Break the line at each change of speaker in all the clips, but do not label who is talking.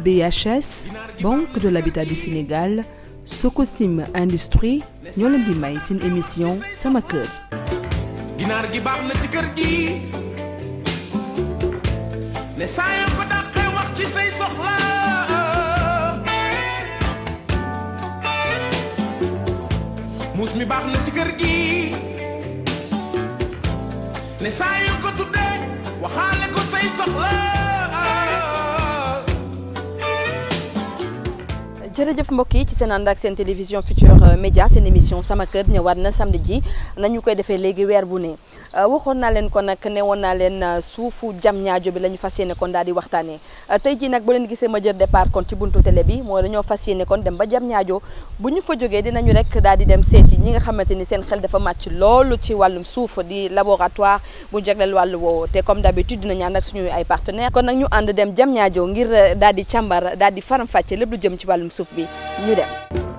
BHS Banque de l'Habitat du Sénégal Sococim Industrie ñoo leen may seen émission sama kër.
ginaar gi baax na gi ne saa yoo ko wax ci say soxla muus mi baax gi ne saa yoo ko tuddee waxaale ko say soxla.
jërëjëf mbokk yi ci seen ànd ak seen télévision Futurs Médias seen émission sama kër ñëwaat na samedi ji nañu koy defee léegi weer bu ne euh, waxoon naa leen kon nag ne woon naa leen euh, suufu jam ñaajo bi lañu fas yéene kon daal di waxtaanee euh, tey ji nag bu leen gisee ma jël depart kon ci buntu télé bi mooy dañoo fas yéene kon dem ba jam ñaajo bu ñu fa jógee dinañu rek daal di dem seeti ñi nga xamante ni seen xel dafa màcc loolu ci wàllum suuf di laboratoire bu jagleel wàllu woowu te comme d'habitude dinañu ànd ak ay partenaires kon nag ñu dem jam ñaajo ngir daal di càmbar daal di faram-fàcce lépp lu jëm ci wàllum suuf bi ñu dem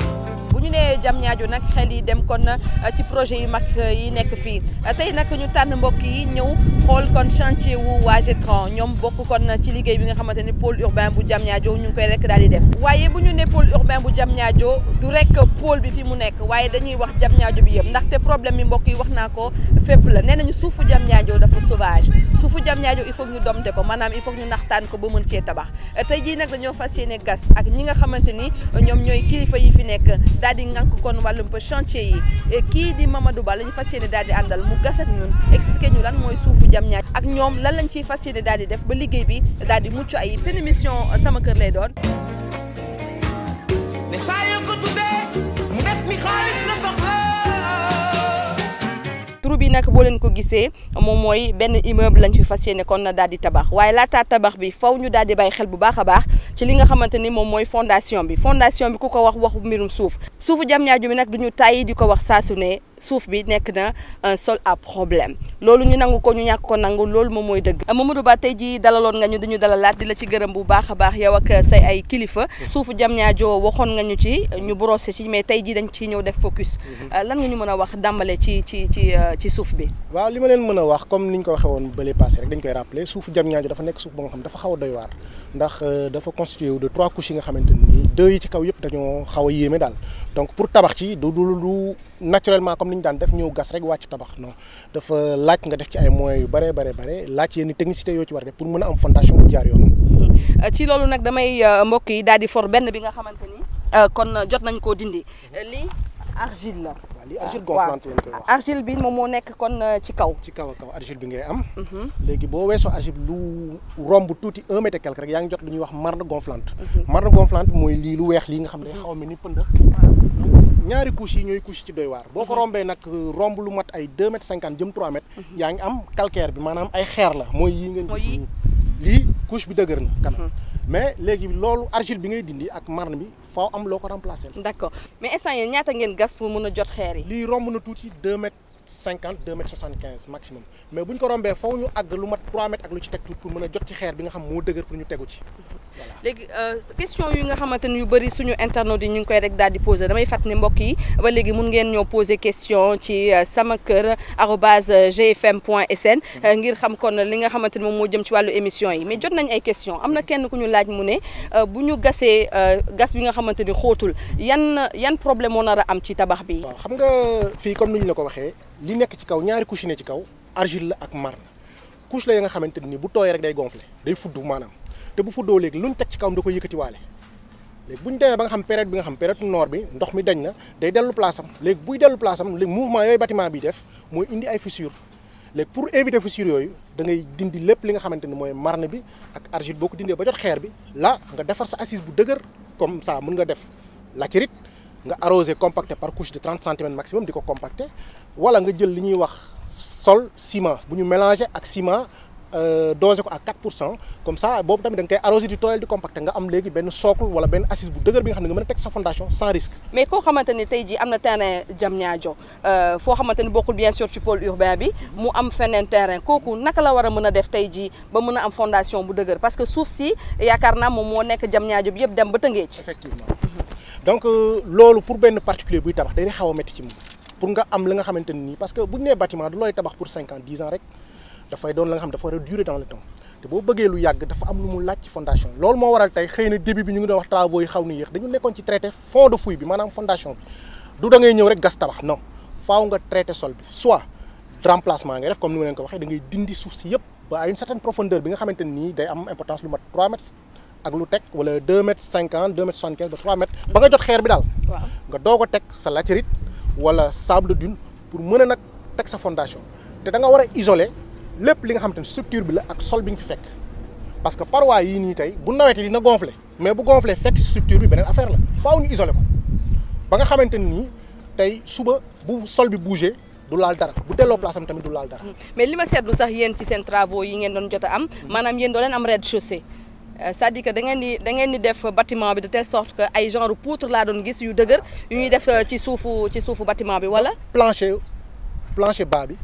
bu ñu nee Diamniadio nag xel yi dem kon euh, ci projet yu mag euh, yi nekk fii euh, tey nag ñu tànn mbokk yi ñëw xool kon chantier wu waa Gétran ñoom bokk kon ci liggéey bi nga xamante ni pôle urbain bu Diamniadio ñu ngi koy rek daal di def waaye bu ñu nee pôle urbain bu Diamniadio du rek pôle bi fi mu nekk waaye dañuy wax Diamniadio bi yëpp ndaxte problème yi mbokk yi wax naa ko fépp la nee nañu suufu Diamniadio dafa sauvage suufu Diamniadio il faut ñu domte ko maanaam il faut ñu naxtaan ko cee tabax tey jii nag dañoo fas yéene gas ak ñi nga xamante ni ñoom ñooy kilifa yi fi nekk daal di ngànk kon wàllum chantier yi kii di Mamadou Ba la ñu fas yéene daal di àndal mu gas ak ñun expliqué ñu lan mooy suufu Diamniadio ak ñoom lan lañ ciy fas yéene daal di def ba liggéey bi daal di mucc ayib seen émission euh, sama kër lay doon. bi nag boo leen ko gisee moom mooy benn immeuble lañ fi fas yéene kon na daal di tabax waaye laataa tabax bi fow ñu daal di bàyyi xel bu baax a baax ci li nga xamante ni moom mooy fondation bi fondation bi ku ko wax waxu mbirum suuf suufu Diamniadio bi nag duñu tàyyi di ko wax saa su ne suuf bi nekk na un sol a problème loolu ñu nangu ko ñu ñàkk ko nangu loolu moom mooy dëgg ma euh, Mamadou Ba tey ji dalaloon nga ñu dañu dalalaat di la ci gërëm bu baax a baax yow ak euh, say ay kilifa suufu Diamniadio waxoon nga ñu ci ñu brosé ci mais tey ji dañ ciy ñëw def focus mm-hmm. euh, lan nga ñu mën a wax dàmbale ci ci ci ci suuf bi
waaw li ma leen mën a wax comme ni ñu ko waxee woon bële passé rek dañ koy rappeler suufu Diamniadio dafa nekk suuf ba nga xam dafa xaw a doy waar ndax dafa constitué wu de trois yi nga xamante ni deux ci kaw yëpp dañoo xaw a daal donc pour tabax ci du du lu naturellement comme ni ñu daan def ñëw gas rek wàcc tabax non dafa laaj nga def ci ay moyens yu bare bare bare laaj yenn technicité yoo ci war def pour mën a am fondation bu jaar yoon. Hmm.
Euh, ci loolu nag damay euh, mbokk yi daal di for benn bi nga xamante ni euh, kon jot nañ koo dindi mhm. lii argile la. li ah, argile gonflante lañ koy wax argile bi moom moo nekk kon euh, ci kaw ci kaw a kaw argile bi ngay am
mhm. léegi boo weesoo argile lu romb tuuti un mètre quelque rek yaa ngi jot lu ñuy wax marne gonflante mhm. marne gonflante mooy lii lu weex lii nga xam ne xaw ma ni pëndëx ñaari couche yi ñooy couche ci doy waar boo ko mhm. rombee nag euh, romb lu mat ay deux mètres cinquante jëm trois mètres yaa ngi am calcaire bi maanaam ay xeer la mooy yi ngeen gis lii couche bi dëgër na kanam mais léegi loolu argile bi ngay dindi ak marne bi faaw am loo ko remplacer la.
d' accord mais instant ñaata ngeen gas pour mën
a jot xeer yi. lii romb na tuuti deux mètres cinquante deux mètres soixante quinze maximum mais bu ñu ko rombee faaw ñu àgg lu mat trois mètres ak lu ci teg tuuti pour mën a jot ci xeer bi nga xam moo dëgër pour ñu tegu ci.
léegi euh, question yu nga xamante ni yu bëri suñu internautes yi ñu ngi koy rek daal di posé damay fàttali mbokk yi ba léegi mun ngeen ñoo posé question ci euh, sama kër arobase euh, gfm point sn mhm. ngir xam kon li nga xamante ni moom moo jëm ci wàllu émission yi mais jot nañ ay question am na kenn ku ñu laaj mu ne bu ñu gasee gas bi nga xamante ni xóotul yan yan problème moo nar am ci tabax bi. xam nga fii comme ni ñu la ko waxee li nekk ci kaw ñaari couche ne ci kaw argile la ak marne
couche yi nga xamante ni bu tooyee rek day gonflé day fudd te bu fuddoo léegi luñ teg ci kawam da koy yëkkatiwaale léegi bu ñu demee ba nga xam période bi nga xam période noor bi ndox mi dañ na day dellu place am léegi buy dellu place am léegi mouvement yooyu bâtiment bi def mooy indi ay fissure léegi pour éviter fissure yooyu da ngay dindi lépp li nga xamante ni mooy marne bi ak argile boo ko dindee ba jot xeer bi la nga defar sa assise bu dëgër comme ça mën nga def latérite nga arrosé compacté par couche de 30 centimètres maximum di ko compacté wala nga jël li ñuy wax sol ciment bu ñu mélangé ak Euh, dosé ko à 4 pour cent comme ça boobu tamit da nga koy arrosé di tooyal di compacté nga am léegi benn socle wala benn assise bu dëgër bi nga xam ne nga mën a teg sa fondation sans risque
mais koo xamante ne tey jii am na terrain Diamniadio euh, foo xamante bokkul bien sûr ci pôle urbain bi mu am feneen terrain kooku naka la war a mën a def tey jii ba mën a am fondation bu dëgër parce que suuf si yaakaar naa moom moo nekk Diamniadio bi yëpp dem ba Tëngéej effectivement
donc euh, loolu pour benn a métti ci moom pour nga am li nga xamante ne dafay doon la nga xam dafa war a durer dans le temps te boo bëggee lu yàgg dafa am lu mu laaj ci fondation loolu moo waral tey xëy na début bi ñu ngi doon wax travaux yi xaw na yéex dañu nekkoon ci traité fond de fouille bi maanaam fondation bi du da ñëw rek gas tabax non faaw nga traité sol bi soit remplacement ngay dindi suuf si yëpp ba à une certaine profondeur bi nga xamante nii day am importance lu mat 3 mètres ak lu teg wala 2 mètres 50 2 mètres ba nga jot xeer bi daal nga doog a teg sa latérite wala sable dune pour mën a nag teg sa fondation te da nga war a isoler lépp li nga xam te ne structure bi la ak sol bi nga fi fekk parce que parois yii nii tey bu nawetee dina gonfler mais bu gonfler fekk structure bi beneen affaire la faaw ñu isoler ko ba nga xamante ni tey suba bu sol bi bougé du laal dara bu delloo place am tamit du laal dara.
Mm. mais li ma seetlu sax yéen ci seen travaux yi ngeen doon jot am. Mm. maanaam yéen doo leen am rez-de-chaussée. Euh, cest que da ngeen di da ngeen di def bâtiment bi de telle sorte que ay genre poutre laa doon gis yu dëgër yu ñuy def euh, ci suufu ci suufu bâtiment bi wala.
plancher plancher bas bi.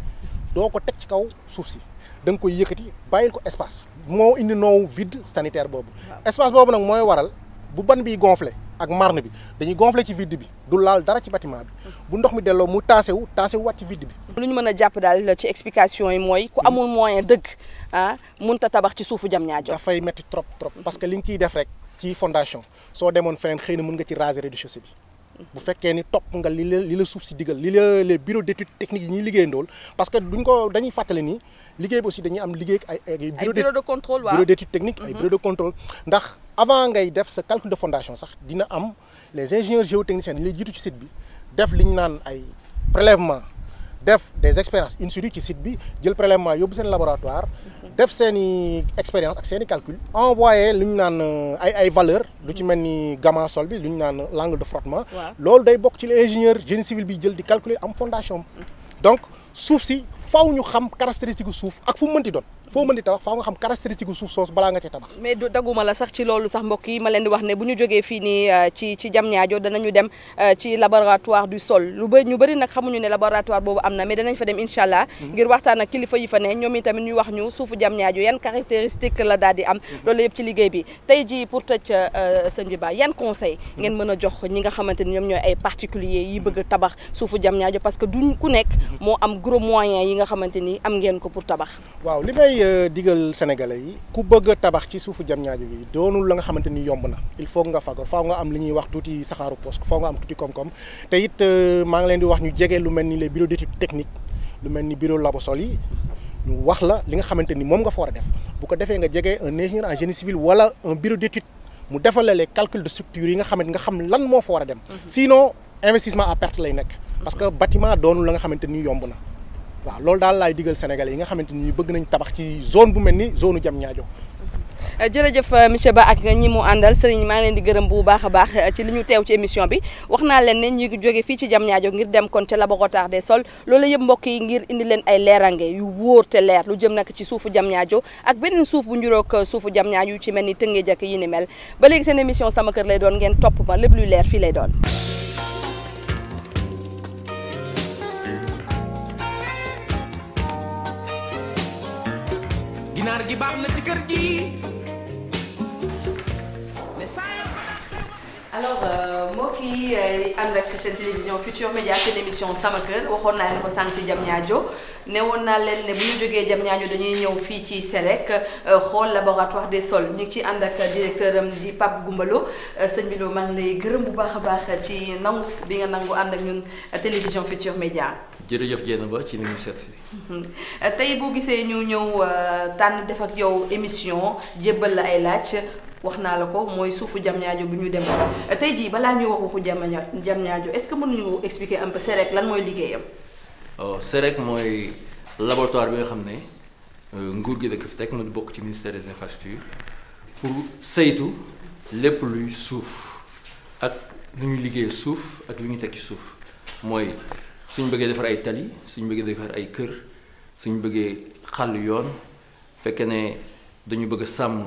doo ko teg ci kaw suuf si da nga koy yëkkati bàyyil ko espace moo indi noow vide sanitaire boobu espace boobu nag mooy waral bu ban bi gonflé ak marne bi dañuy gonflé ci vide bi du laal dara ci bâtiment bi mm. bu ndox
mi delloo mu taase wu taase wu waat ci vide bi. lu ñu mën a jàpp daal ci explication yi mooy ku mm. amul moyen dëgg ah mënut a tabax ci suufu jam ñaa jox dafay métti trop trop parce que li nga ciy def rek ci
fondation soo demoon feneen xëy na mën nga ci raser rez de bu fekkee ni topp nga li la li la suuf si digal li la les bureaux d'études techniques yi ñuy liggéeyandool parce que duñ ko dañuy fàttale ni liggéey bi aussi dañuy am liggéey ak ay bureau de contrôle bureau d'études techniques ay mhm. bureau de contrôle ndax avant ngay def sa calcul de fondation sax dina am les ingénieurs géotechniciens dañu lay jiitu ci site bi def li ñu naan ay prélèvement def des expériences in ci site bi jël prélèvement yóbbu seen laboratoire def seen i expérience ak seen i calcul envoyé lu ñu naan euh, ay ay valeur lu ci mm. mel ni gamma sol bi lu ñu naan euh, l'angle de frottement loolu day bokk ci l'ingénieur génie civil bi jël di calculer am fondation mm. donc suuf si faw ñu xam caractéristique suuf ak fu mu mënti doon foo mën di tabax faaw nga xam caractéristique suuf soosu balaa nga ci tabax
mais daguma la sax ci loolu sax mbokk yi ma leen di wax ne bu ñu jógee fii nii euh, ci ci ñaajo danañu dem euh, ci laboratoire du sol lu bëri ñu bëri nag xamuñu ne laboratoire boobu am na mais danañ fa dem incha allah mhm. ngir waxtaan ak kilifa yi fa ne ñoom itamit ñu wax ñu suufu Diamniadio yan caractéristique la daal di am mhm. loolu yëpp ci liggéey bi tey ji pour tëj euh, sëñ bi yan conseil mhm. ngeen mën a jox ñi nga xamante ni ñoom ñooy ay particulier yi bëgg tabax suufu Diamniadio parce que duñ ku nekk moo am gros moyen yi nga xamante ni am ko pour tabax
may euh, digal sénégalais yi ku bëgg a tabax ci suufu ñaajo bi doonul la nga xamante ni yomb na il faut nga fagor faaw nga am li ñuy wax tuuti saxaaru poste faaw nga am tuuti koom-koom te it euh, maa ngi leen di wax ñu jege lu mel ni les bureaux d'études techniques lu mel ni bureau Labosol yi ñu wax la li nga xamante ni moom nga fa war a def bu ko defee nga jege un ingénieur en génie civil wala un bureau d'études mu defal la les calculs de structure yi nga xamante nga xam lan moo fa dem mhm. sinon investissement à lay nekk parce que bâtiment doonul la nga xamante ni yomb na waaw loolu daal laay digal sénégalais yi nga xamante ni bëgg nañ tabax ci zone bu mel ni zone Diamniadio
euh, jërëjëf euh, monsieur Ba ak ñi mu àndal sëriñ maa ngi leen di gërëm bu baax a baax euh, ci li ñu teew ci émission bi wax naa leen ne ñu jóge fii ci jam Diamniadio ngir dem kon ca laboratoire des sol loolu yëpp mbokk yi ngir indi leen ay leerange yu wóor te leer lu jëm nag ci suufu jam ñaajo ak beneen suuf bu njuróog suufu Diamniadio yu ci mel ni tëngee jakk yi ni mel ba seen émission sama kër lay doon ngeen topp ma lépp luy leer lay doon ginaar gi baax na ci kër gi. alors euh, mbokk yi euh, ànd ak seen télévision Futur Média seen émission sama kër waxoon naa leen ko sànq ci Diamniadio ne woon naa leen ne bu ñu jógee Diamniadio dañuy ñëw fii ci SELEC euh, xool wax de sol ñu ngi ci ànd ak directeur am di Pape Goumbalo sëñ bi loo maa lay gërëm bu baax a baax ci nangu bi nga nangu ànd ak ñun télévision Futur Média.
jërëjëf jéen ba ci ni ñu seet si.
tey boo gisee ñu ñëw euh, tànn def yow émission jébbal la ay laaj wax naa la ko mooy suufu Diamniadio bu ñu demoon tey jii balaa ñuy wax waxu Diamniadio est-ce que mën nañu expliquer un peu CEREC lan mooy liggéeyam.
waaw oh, CEREC mooy laboratoire bi nga xam ne euh, nguur gi da ko fi teg mu bokk ci ministère des infrastructures pour saytu lépp luy suuf ak lu ñuy liggéey suuf ak lu ñuy teg ci suuf mooy. suñ bëggee defar ay tali suñ bëggee defar ay kër suñ bëggee xàll yoon fekkee ne dañu bëgg a sàmm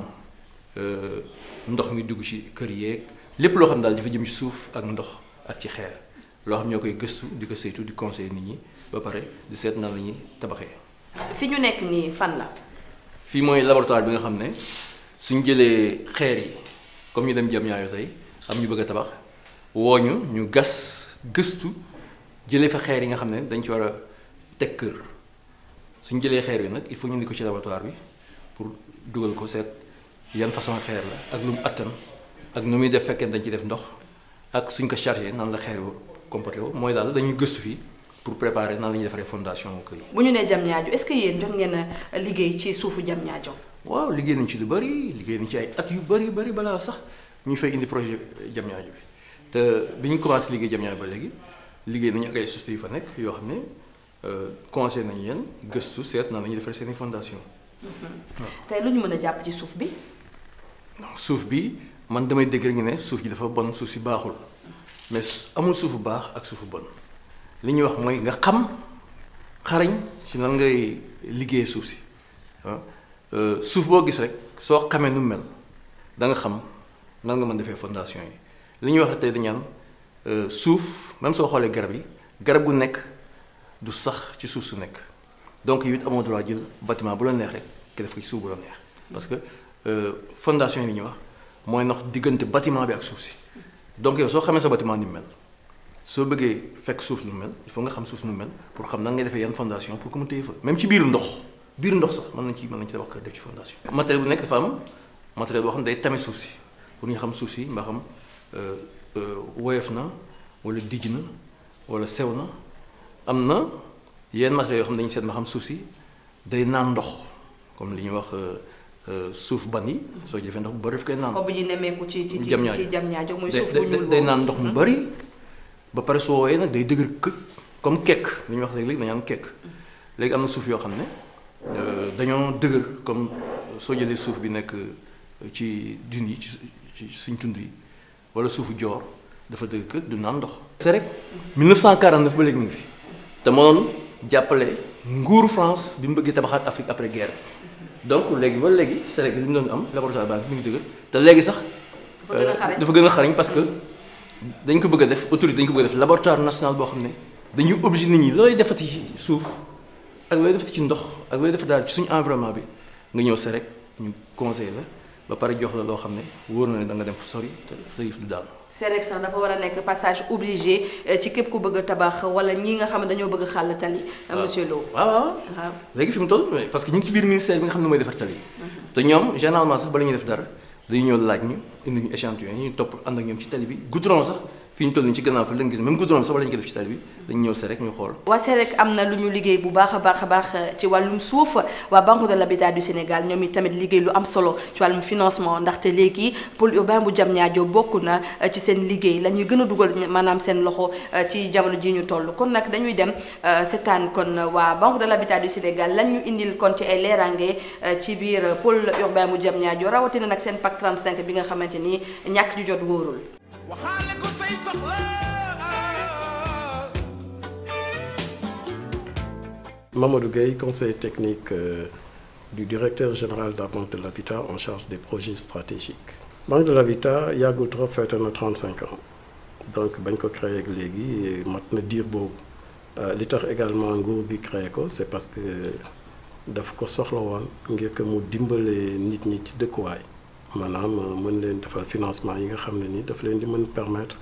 euh, ndox mi dugg ci kër yee lépp loo xam daal dafa jëm ci suuf ak ndox ak ci xeer loo xam ñoo koy gëstu di ko saytu di conseil nit ñi ba pare di seet na la ñuy tabaxee.
fi ñu nekk nii fan la.
fii mooy laboratoire bi nga xam ne suñ jëlee xeer yi comme ñu dem jëm ñaayo tey am ñu bëgg a tabax woo ñu gas gëstu. jëlee fa xeer yi nga xam ne dañ ci war a teg kër suñ jëlee xeer yi nag il faut ñu indi ko ci laboratoire bi pour dugal ko seet yan façon xeer la ak lu mu àttan ak nu muy def fekkee dañ ci def ndox ak suñ ko chargé nan la xeer yu comporté wu mooy daal dañuy gëstu fii pour préparer nan la ñuy defaree fondation kër yi.
bu ñu nee jam ñaajo est-ce que yéen jot ngeen liggéey ci suufu jam ñaajo.
waaw liggéey nañ ci lu bëri liggéey nañ ci ay at yu bëri bëri balaa sax ñu fay indi projet jam ñaajo bi te bi ñu commencé liggéey jam ñaajo ba léegi. liggéey nañu ak ay sociétés yu fa nekk yoo xam ne euh, conseil nañu yeen gëstu seet naa nañu defal seen i fondation
mm-hmm. tey lu ñu mën a jàpp ci suuf bi
suuf bi man damay dégg rek ñu ne suuf ji dafa bon suuf si baaxul mais amul suuf bu baax ak suufu bon li ñuy wax mooy nga xam xarañ si nan ngay liggéeyee suuf si euh, suuf boo gis rek soo xamee nu mel da nga xam nan nga mën defee fondation yi li ñuy wax tey dañaan Euh, suuf même soo xoolee garab yi garab gu nekk du sax ci suuf su nekk donc yow it amoo droit jël bâtiment bu la neex rek ki def ko suuf la parce que euh, fondation yi li ñuy wax mooy ndax diggante bâtiment bi ak suuf si donc yow soo xamee sa bâtiment ni mel soo bëggee fekk suuf nu mel il faut nga xam suuf nu mel pour xam nan ngay defee yan fondation pour que mu téye fa même ci biiru ndox biir ndox sax mën nañ ci mën nañ ci tabax kër def ci fondation. matériel bu nekk dafa am matériel boo xam day tame suuf si pour ñu xam suuf si mbaa euh, Euh, woyof na wala dijj na wala sew na am na yenn matériaux yoo xam ne dañu seet ma xam suuf si day naan ndox comme li ñuy wax euh, euh, suuf ban yi soo jëfee ndox bu bëri daf koy naan. comme bu
ñu nemmeeku ci ci ci jam ñaajo muy suuf day naan ndox mu bëri
ba pare soo wooyee nag day dëgër këj comme kekk li ñuy wax léegi dañu am kekk léegi am na suuf yoo xam
ne
dañoo dëgër comme soo jëlee suuf bi nekk ci dun yi ci suñ tund yi. wala suufu joor dafa dëgg kër du naan ndox. c'est rek 1949 ba léegi mu ngi fi te moo jàppale nguuru France bi mu bëggee tabaxaat Afrique après guerre donc léegi ba léegi Sénégal li mu doon am laboratoire baa mi ngi dëgg te léegi sax. dafa gën a xariñ euh, parce que dañ ko bëgg a def autorité dañ ko bëgg a def laboratoire national boo xam ne dañuy obligé nit ñi looy defati ci suuf ak looy defati ci ndox ak looy defati daal ci suñu environnement bi nga ñëw sa rek ñu conseil la. ba pare jox la loo xam ne wóor na ne da nga dem fu sori te sa yëf du daal.
sélection dafa war a nekk passage obligé euh, ci képp ku bëgg a tabax wala ñi nga xam dañoo bëgg a xàll tali. monsieur
Lo waaw waaw waaw. léegi fi toll parce que ñu ngi biir ministère bi nga xam ne mooy defar tali. Mhm. te ñoom généralement sax bala def dara dañu ñëw laaj ñu indi ñu échantillon ñu topp ànd ak ñoom ci tali bi goudron sax. fi ñu toll nii ci gannaaw fa lañ gis même goudron sax
na lu ñu liggéey bu baax a baax a baax euh, ci wàllum suuf waa Banque de l'Habitat du Sénégal ñoom it tamit liggéey lu am solo ci financement ndaxte léegi pôle urbain bu Diamniadio bokk na euh, ci seen liggéey la ñuy gën a dugal maanaam seen loxo euh, ci jamono ji ñu toll kon nag dañuy dem seetaan kon waa Banque de l'Habitat du Sénégal lañ ñu indil kon ci ay leerange ci biir pôle urbain bu Diamniadio rawatina nag seen pacte 35 bi nga xamante ni ñàkk ju jot wóorul
waxaale ko say soxla
Mamadou Gueye conseil technique euh, du directeur général de la Banque de l'Habitat en charge des projet stratégiques Banque de l'Habitat yàggul trop feete na ans donc bañ ko créé léegi mat na diir boobu euh, li tax également nguur bi créé ko c'est parce que euh, daf ko soxla woon ngir que mu dimbale nit ñi ci dëkkuwaay maanaam euh, mën leen defal financement yi nga xam ne nii dafa leen di mën permetre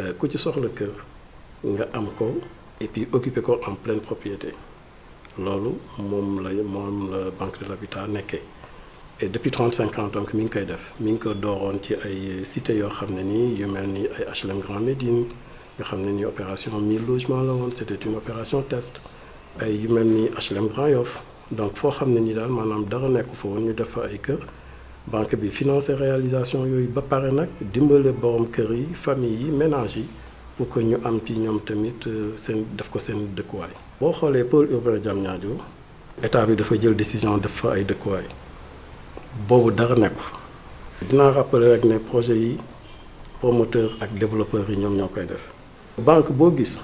euh, ku ci soxla kër nga am ko et puis occuper ko en pleine propriété loolu moom la moom la banque de l'habitat nekkee et depuis 35 cinquante donc mi ngi koy def mi ngi ko dooroon ci ay cité yoo xam ne nii yu mel ni ay HLM Grand Médine nga xam ne ni opération 1000 logements la woon c'était une opération test ay yu mel ni HLM Grand Yoff donc foo xam ne nii daal maanaam dara nekku fa ñu def fa ay kër banque bi financé réalisation yooyu ba pare nag dimbale borom kër yi famille yi ménage yi pour que ñu am ci ñoom tamit euh, seen def ko seen dëkkuwaay. boo xoolee pôle urbain Diamniadio état bi dafa jël décision def fa ay dëkkuwaay boobu dara nekku dinaa rappeler rek ne projet yi promoteur ak développeur yi ñoom ñoo koy def. banque boo gis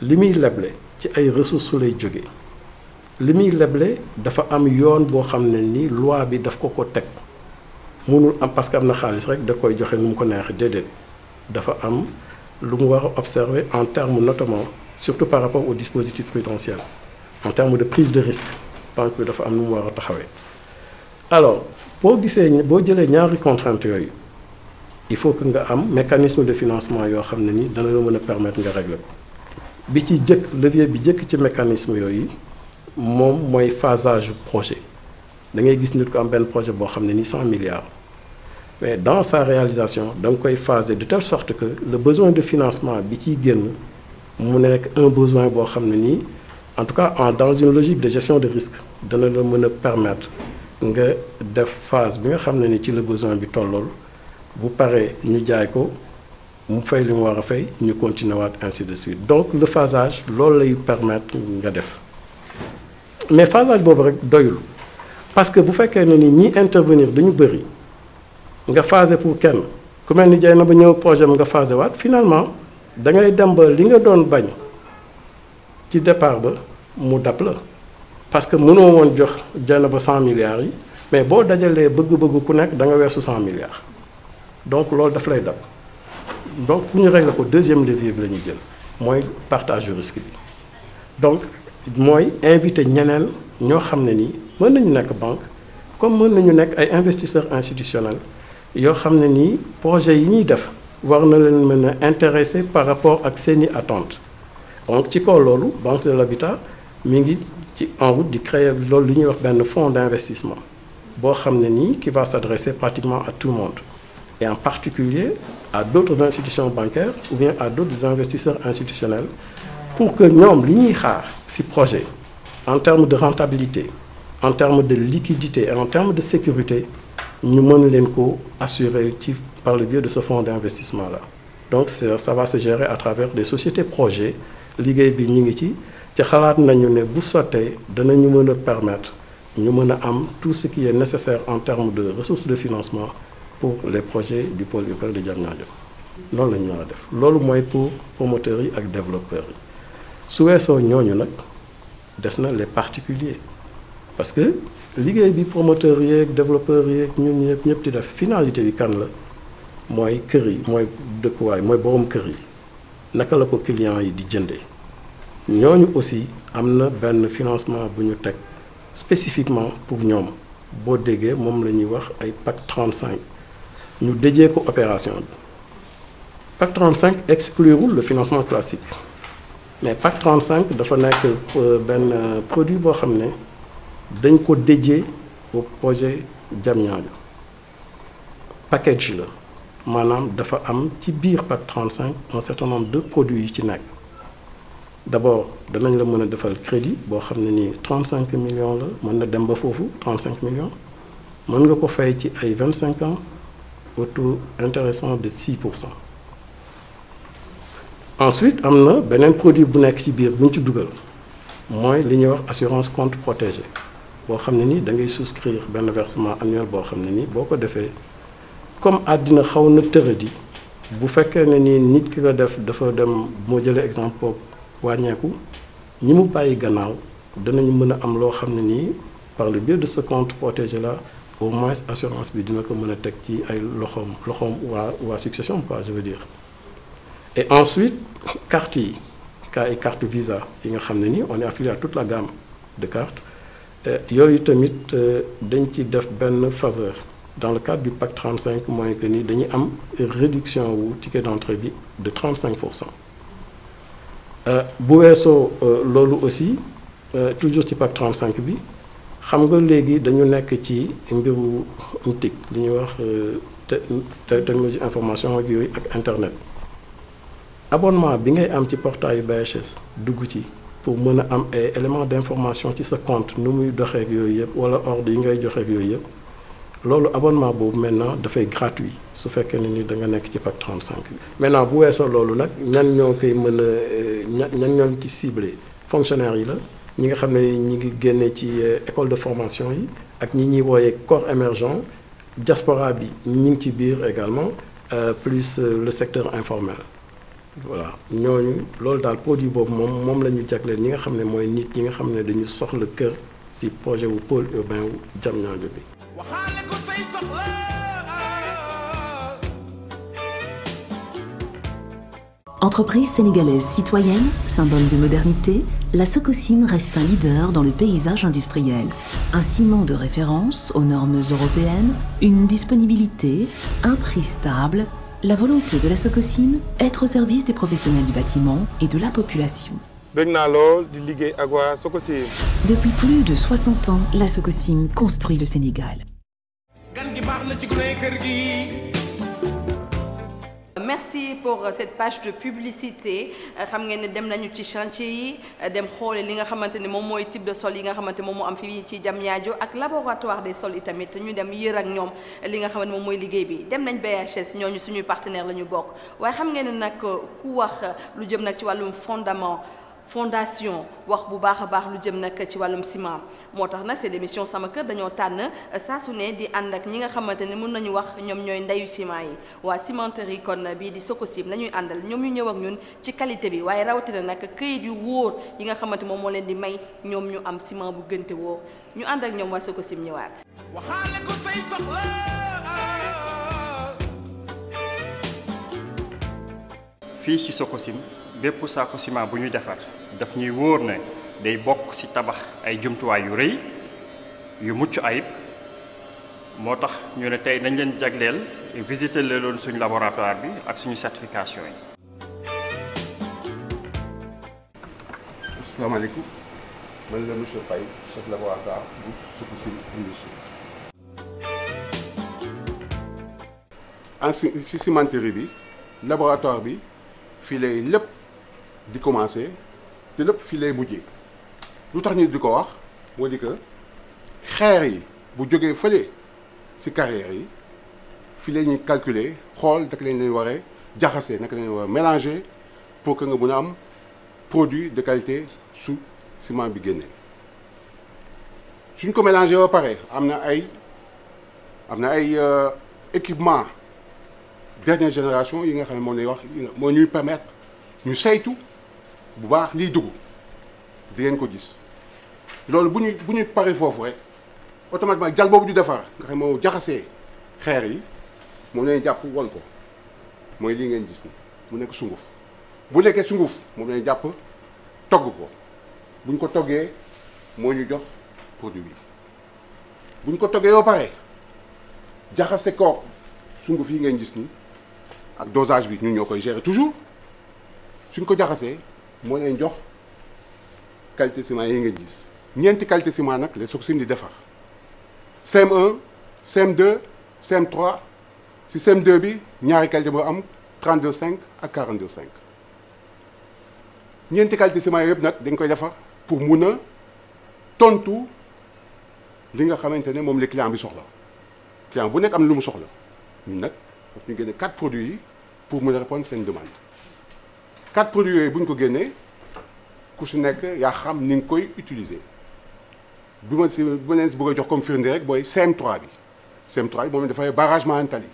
li muy leble ci ay ressources lay jóge li muy leble dafa am yoon boo xam ne ni loi bi daf ko ko teg. mënul am parce que am na xaalis rek da koy joxe nu mu ko neexee déedéet dafa am lu mu war a observer en termes notamment surtout par rapport au dispositif prudentiel en terme de prise de risque banque bi dafa am nu mu war a taxawee. alors boo gisee boo jëlee ñaari contraintes yooyu il faut que nga am mécanisme de financement yoo xam ne nii dana la mën a permettre nga regle ko bi ci jëkk levier bi jëkk ci mécanisme yooyu moom mooy phasage projet. da ngay gis nit ko am benn projet boo xam ne ni cent milliards mais dans sa réalisation da koy phaser de telle sorte que le besoin de financement bi ci génn mu nekk un besoin boo xam ne nii en tout cas en dans une logique de gestion de risque dana la mën a permettre nga def phase bi nga xam ne nii ci la besoin bi tollool bu paree ñu jaay ko mu fay li mu war a fay ñu continuer waat ainsi de suite donc le phasage loolu lay permettre nga def mais phasage boobu rek doyul parce que bu fekkee ne ni ñi intervenir dañu bëri nga phasé pour kenn ku mel ni jay na ba ñëw projet am nga phasé waat finalement dangay ngay dem ba li nga doon bañ ci départ ba mu dab la parce que mënoo woon jox jay na ba cent milliards yi mais boo dajalee bëgg-bëgg ku nekk da nga weesu cent milliards donc loolu daf lay dab donc pour ñu régler ko deuxième levier bi la ñuy jël mooy partage risque bi donc mooy invité ñeneen ñoo xam ne nii. mën nañu nekk banque comme mën nañu nekk ay investisseurs institutionnels yoo xam ne nii projet yi ñuy def war na leen mën a intéressé par rapport ak seeni attentes donc ci kaw loolu banque de l'habitat mi ngi ci en route di créer loolu li ñuy wax benn fonds d'investissement boo xam ne nii qui va s'adresser pratiquement à tout le monde et en particulier à d'autres institutions bancaires ou bien à d'autres investisseurs institutionnels pour que ñoom li ñuy xaar ci projet en termes de rentabilité en termes de liquidité et en termes de sécurité ñu mën leen ko assurer ci par le biais de ce fonds d'investissement la donc ça va se gérer à travers des sociétés projet liggéey bi ñu ngi ci ci xalaat nañu ne bu sottee danañu mën a permettre ñu mën a am tout ce qui est nécessaire en terme de ressources de financement pour les projets du pole urbain de Diamniadio noonu la ñu mën a def loolu mooy pour promoteurs yi ak développeurs yi su weesoo ñooñu nag des na les particuliers parce que liggéey bi promoteur yeeg développeur yeeg ñun ñëpp ñëpp di def finalité bi kan la mooy kër yi mooy dëkkuwaay mooy borom kër yi naka la ko client yi di jëndee ñu aussi am na benn financement bu ñu teg spécifiquement pour ñoom boo déggee moom la ñuy wax ay PAC cinq ñu déjee ko opération bi PAC 35 exclurul le financement classique mais PAC cinq dafa nekk euh, benn euh, produit boo xam ne. dañ ko dédié au projet Diamniadio package la maanaam dafa am ci biir PAC 35 cinq certain nombre de produits yu ci nekk d'abord danañ la mën a defal crédit boo xam ne nii 35 million la mën na dem ba foofu trent cinq millions mën nga ko fay ci ay 25 ans au taux intéressant de 6 pour cent ensuite am na beneen produit bu nekk ci biir bu ci dugal mooy li ñuy wax assurance compte protégé boo xam ne nii dangay ngay souscrire benn versement annuel boo xam ne ni boo ko defee comme àddina xaw na tëradi bu fekkee ne nii nit ki ko def dafa dem moo jëlee exemple boobu wàññeeku ñi mu bàyyi gannaaw danañu mën a am loo xam ne nii par le biais de ce compte protégé là au moins assurance bi dina ko mën a teg ci ay loxoom loxoom waa waa succession quoi je veux et ensuite carte yi ka ay visa yi nga xam ne nii on est tout la gamme de cartes Euh, yooyu tamit euh, dañ ci def benn faveur dans le cadre du pacte 35 mooy que ni dañu am réduction wu ticket d'entrée bi de 35 pour cent euh, bu weesoo loolu aussi toujours ci pacte 35 bi xam nga léegi dañu nekk ci mbiru TIC li ñuy wax technologie information ak yooyu ak internet abonnement bi ngay am ci portail BHS dugg ci. pour mën a am ay éléments d'information ci sa compte nu muy doxeek yooyu yëpp wala ordre yi ngay joxeek yooyu yëpp loolu abonnement boobu maintenant dafay gratuit su fekkee ne ni da nga nekk ci PAC 35 bi. maintenant bu weesoo loolu nag ñan ñoo koy mën a ñan ñoo ci ciblé fonctionnaires yi la ñi nga xam ne ñi ngi génne ci euh, école de formation yi ak ñi ñuy wooyee corps émergent diaspora bi ñi ngi ci biir également euh, plus euh, le secteur informel. voilà ñooñu loolu daal produit boobu moom moom la ñu jagleel ñi nga xam ne mooy nit ñi nga xam ne dañu soxla kër ci projet wu pôle urbain wu Diamniadio bi. waxaale ko
Entreprise sénégalaise citoyenne, symbole de modernité, la Socosim reste un leader dans le paysage industriel. Un ciment de référence aux normes européennes, une disponibilité, un prix stable La volonté de la Sococim, être au service des professionnels du bâtiment et de la population.
Depuis
plus de 60 ans, la Sococim construit le Sénégal.
merci pour euh, cette page de publicité euh, xam ngeen ne dem nañu ci chantier yi euh, dem xoole li nga xamante ni moom mooy type de sol yi nga xamante moom moo am fii ci Diamniadio ak laboratoire des sols yi tamit ñu dem yër ak ñoom li nga xamante moom mooy liggéey bi dem nañ BHS ñooñu suñuy partenaire la ñu bokk waaye xam ngeen ne nag ku wax lu jëm nag ci wàllum fondement fondation wax bu baax a baax lu jëm nag ci wàllum ciment moo tax nag seen émission sama kër dañoo tànn saa su ne di ànd ak ñi nga xamante ne mën nañu wax ñoom ñooy ndeyu ciment yi waa cimenterie kon bii di Sococim la ñuy àndal ñoom ñu ñëw ak ñun ci qualité bi waaye rawatina nag këyit yu wóor yi nga xamante moom moo leen di may ñoom ñu am ciment bu gënte wóor ñu ànd ak ñoom waa Sococim ñëwaat. waxaale ko say soxla.
fii ci bépp saako ciment bu ñu defar daf ñuy wóor na day bokk ci tabax ay jumtuwaay yu rëy yu mucc ayib moo tax ñu ne tey nañ leen jagleel visiter loon suñu laboratoire bi ak suñu certification yi.
asalaamaaleykum man la monsieur ci cimenterie bi laboratoire bi fii lépp. di commencer te lépp fii lay mujjee lu tax ñu di ko wax moo di que xeer yi bu jógee fële si carrière yi fii la ñuy calculer xool naka lañ leen waree jaxasee naka lañuy war a pour que nga bu a am produit de qualité su ciment bi génnee suñ ko mélanger ba pare am na ay am na ay euh, équipement dernière génération yi nga xam ne moom lay wax moo ñuy permettre ñu saytu bu baax lii dugg di ngeen ko gis loolu bu ñu bu ñu paree foofu rek automatiquement jal boobu ñu defar nga xam moo jaxasee xeer yi moom lañuy jàpp wol ko mooy lii ngeen gis ni mu nekk sunguf bu nekkee sunguf moom lañuy jàpp togg ko bu ñu ko toggee moo ñu jox produit bi bu ñu ko toggee yoo pare jaxase ko sunguf yi ngeen gis ni ak dosage bi ñun ñoo koy gérer toujours suñ ko jaxasee moo leen jox qualité ciment yi ngeen gis ñeenti qualité ciment nag les Sococim di defar cm seen cm seen CM3 si CM2 bi ñaari qualité moo am 32,5 ak 42,5 ñeenti qualité ciment yëpp nag dañ koy defar pour mun a tontu li nga xamante ne moom la client bi soxla client bu nekk am lu mu soxla ñun nag daf ñu génne quatre produits yi pour mun a répondre seen demande. quatre produits yooyu bu ñu ko génnee ku si nekk yaa xam ni nga koy utiliser bi ma si bi ma leen jox comme firnde rek booy CM3 bi CM3 bi moom dafay barrage Manantali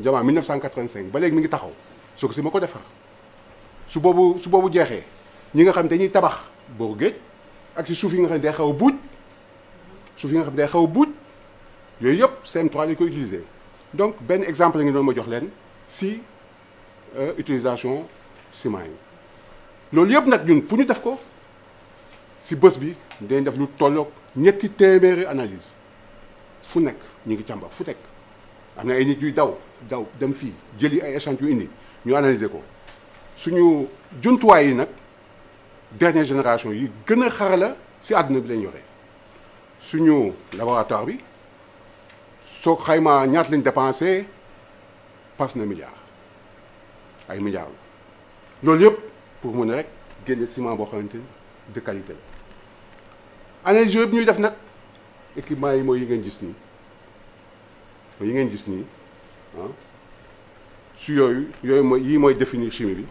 jamono 1985 ba léegi mu ngi taxaw soo ko si ma ko defar su boobu su boobu jeexee ñi nga xam dañuy tabax booru géej ak si suuf yi nga xam day xaw a buuj suuf yi nga xam day xaw a buuj yooyu yëpp CM3 lañ koy utiliser donc benn exemple la ngi doon ma jox leen si euh, utilisation ciment yi loolu yëpp nag ñu pour ñu def ko si bës bi dañ def lu tollook ñetti téeméeri analyse fu nekk ñu ngi càmbar fu nekk am na ay nit yuy daw daw dem fii jëli ay échantillons indi ñu analyser ko suñu jumtuwaay yi nag dernière génération yi gën a xarala si àdduna bi lañ yore suñu laboratoire bi soo xaymaa ñaat lañ dépensé passe na milliard ay milliards loolu yëpp pour mun a rek génne ciment boo xamante ni de qualité la année yooyu bi ñuy def nag équipement yi mooy yi ngeen gis nii yi ngeen gis nii ah su yooyu yooyu mooy yii mooy définir chimie bi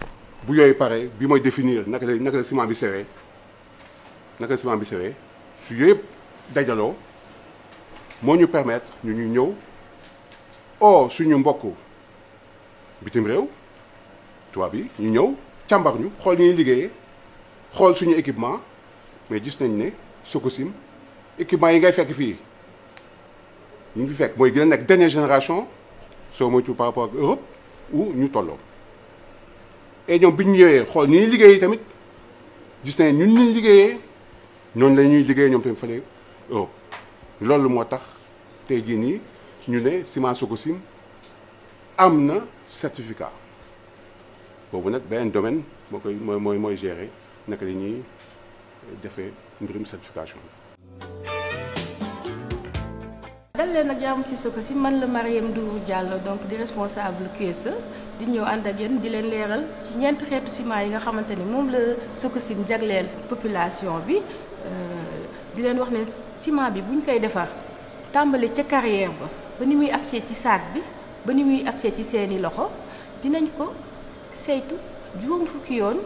bu yooyu paree bi mooy définir naka la naka la ciment bi sewee naka la ciment bi sewee su yooyu yëpp dajaloo moo ñu permettre ñu ñuy ñëw oh suñu mbokk bitim réew tubaab yi ñu ñëw càmbar ñu xool ñuy liggéeyee xool suñu équipement mais gis nañ ne Sococim équipement yi ngay fekk fii ñu ngi fi fekk mooy gën a nekk dernière génération soo moytu par rapport ak Europe ou ñu tolloo et ñoom bi ñu ñëwee xool ni ñuy liggéeyee tamit gis nañ ñun ñu liggéeyee noonu la ñuy liggéeyee ñoom tamit fële Europe loolu moo tax tey jii nii ñu ne ciment Sococim am na certificat. boobu nag beneen domaine moo koy mooy mooy mooy gérer naka la ñuy defee mbirum certification
dal leen ak jaamu si sukk si man la Marième Ndour Diallo donc di responsable sa e, di ñëw ànd ak yéen di leen leeral ci ñeenti xeetu ciment yi nga xamante ni moom la sukk si jagleel population bi euh, di leen wax ne ciment bi buñ koy defar tàmbali ca carrière ba ba ni muy agsee ci saak bi ba ni muy agsee ci seeni loxo dinañ ko saytu juróom fukki yoon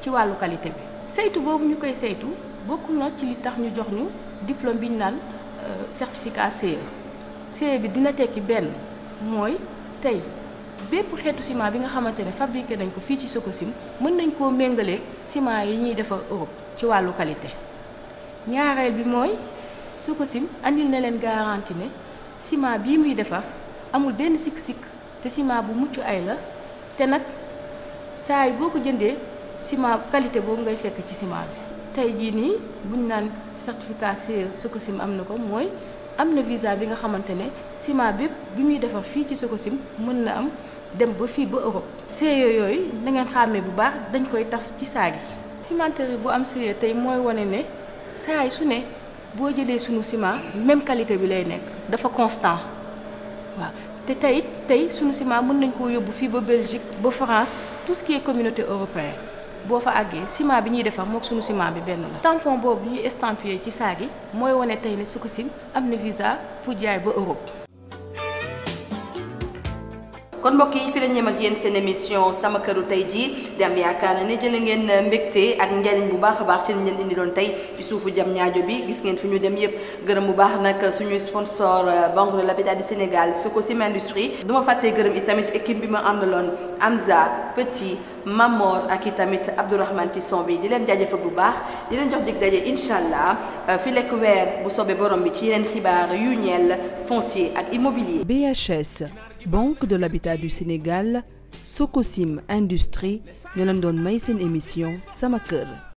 ci wàllu qualité bi seytu boobu ñu koy saytu bokkul na ci li tax ñu jox ñu diplôme bi ñu naan euh, certificat CE CE bi dina tekki benn mooy tey bépp xeetu ciment bi nga xamante ne fabriqué nañ ko fii ci Sococim mën nañ koo méngaleeg ciment yi ñuy defar Europe ci wàllu qualité ñaareel bi mooy Sococim andil na leen garanti ne ciment bii muy defar amul benn sikk-sikk te ciment bu mucc ay la te nag saa yi boo ko jëndee ciment qualité boobu ngay fekk ci ciment bi tey jii nii buñ naan certificat Sococim am na ko mooy am na visa bi nga xamante ne ciment bépp bi muy defar fii ci Sococim mën na am dem ba fii ba Europe CE yooyu na ngeen xàmmee bu baax dañ koy taf ci saa yi cimenterie bu am CE tey mooy wane ne yi su ne boo jëlee sunu ciment même qualité bi lay nekk dafa constant waaw te tey tey sunu ciment mën nañ koo yóbbu fii ba Belgique ba France tout ce communauté européenne boo fa àggee ciment bi ñuy defar mook sunu ciment bi benn la. tampon boobu ñuy estampillé ci saa yi mooy wane tey ne Sococim am na visa pour jaay ba Europe. kon mbokk yi fi la ñem ak
yéen seen émission sama këru tey jii di yaakaar na ne jële ngeen mbégte ak njariñ bu baax a baax ci liñ leen indi doon tey ci suufu jam ñaajo bi gis ngeen fi ñu dem yëpp gërëm bu baax nag suñuy sponsor euh, banque de l'habitat du Sénégal Sococim Industrie du ma fàttee gërëm it tamit équipe bi ma àndaloon Amza Petit Mamor ak i tamit Abdourahmane ci son bi di leen jaajëfal bu baax di leen jox dig daje incha allah euh, fi lekk weer bu soobee borom bi ci yeneen xibaar yu ñeel foncier ak immobilier. BHS. Banque de l'Habitat du Sénégal Socosim Industrie ñoo leen doon may seen émission sama kër